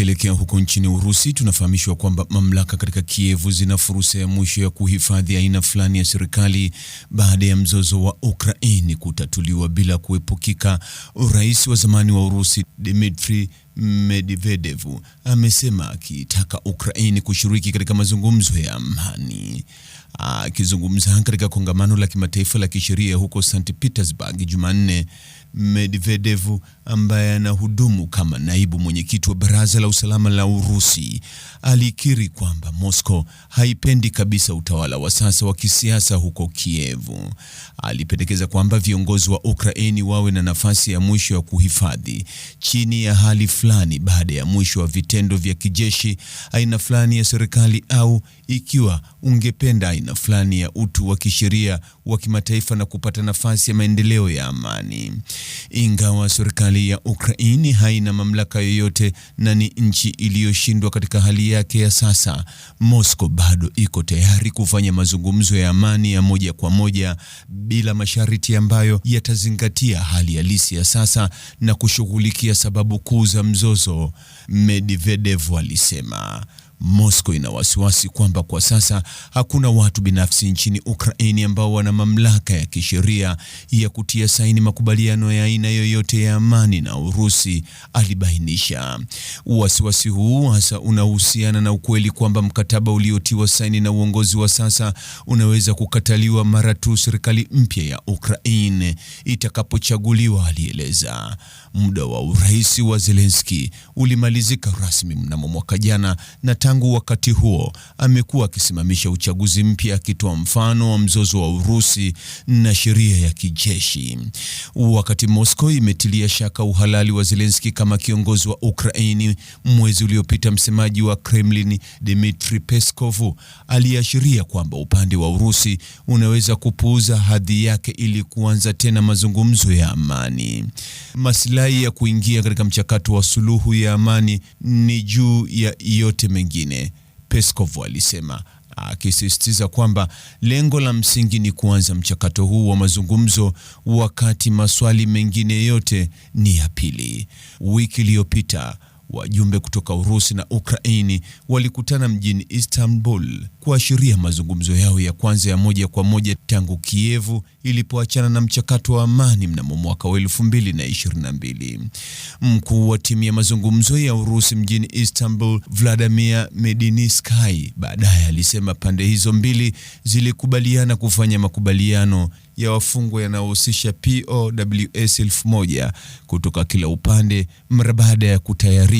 Tukielekea huko nchini Urusi, tunafahamishwa kwamba mamlaka katika Kievu zina fursa ya mwisho ya kuhifadhi aina fulani ya serikali baada ya mzozo wa Ukraini kutatuliwa bila kuepukika. Rais wa zamani wa Urusi Dmitry Medvedev amesema akitaka Ukraini kushiriki katika mazungumzo ya amani. Akizungumza katika kongamano la kimataifa la kisheria huko St Petersburg Jumanne, Medvedev ambaye anahudumu kama naibu mwenye mwenyekiti wa Baraza la Usalama la Urusi alikiri kwamba Moscow haipendi kabisa utawala wa sasa wa kisiasa huko Kievu. Alipendekeza kwamba viongozi wa Ukraini wawe na nafasi ya mwisho ya kuhifadhi chini ya hali fulani baada ya mwisho wa vitendo vya kijeshi, aina fulani ya serikali au ikiwa ungependa aina fulani ya utu wa kisheria wa kimataifa na kupata nafasi ya maendeleo ya amani. Ingawa serikali ya Ukraini haina mamlaka yoyote yote na ni nchi iliyoshindwa katika hali yake ya sasa, Moscow bado iko tayari kufanya mazungumzo ya amani ya moja kwa moja bila masharti ambayo yatazingatia hali halisi ya sasa na kushughulikia sababu kuu za mzozo, Medvedev alisema. Moscow ina wasiwasi kwamba kwa sasa hakuna watu binafsi nchini Ukraini ambao wana mamlaka ya kisheria ya kutia saini makubaliano ya aina yoyote ya amani na Urusi, alibainisha. Wasiwasi huu hasa unahusiana na ukweli kwamba mkataba uliotiwa saini na uongozi wa sasa unaweza kukataliwa mara tu serikali mpya ya Ukraine itakapochaguliwa, alieleza. Muda wa urais wa Zelensky ulimalizika rasmi mnamo mwaka jana na tangu wakati huo amekuwa akisimamisha uchaguzi mpya, akitoa mfano wa mzozo wa Urusi na sheria ya kijeshi. Wakati Moscow imetilia shaka uhalali wa Zelensky kama kiongozi wa Ukraini, mwezi uliopita msemaji wa Kremlin Dmitry Peskov aliashiria kwamba upande wa Urusi unaweza kupuuza hadhi yake ili kuanza tena mazungumzo ya amani masilahi ya kuingia katika mchakato wa suluhu ya amani ni juu ya yote mengine, Peskov alisema akisisitiza kwamba lengo la msingi ni kuanza mchakato huu wa mazungumzo wakati maswali mengine yote ni ya pili. Wiki iliyopita wajumbe kutoka Urusi na Ukraini walikutana mjini Istanbul kuashiria mazungumzo yao ya kwanza ya moja kwa moja tangu Kievu ilipoachana na mchakato wa amani mnamo mwaka wa mbili. Mkuu wa timu ya mazungumzo ya Urusi mjini Istanbul, Vladimir Medinsky, baadaye alisema pande hizo mbili zilikubaliana kufanya makubaliano ya wafungwa yanayohusisha POWs moja kutoka kila upande mara baada ya kutayarisha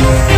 Thank you.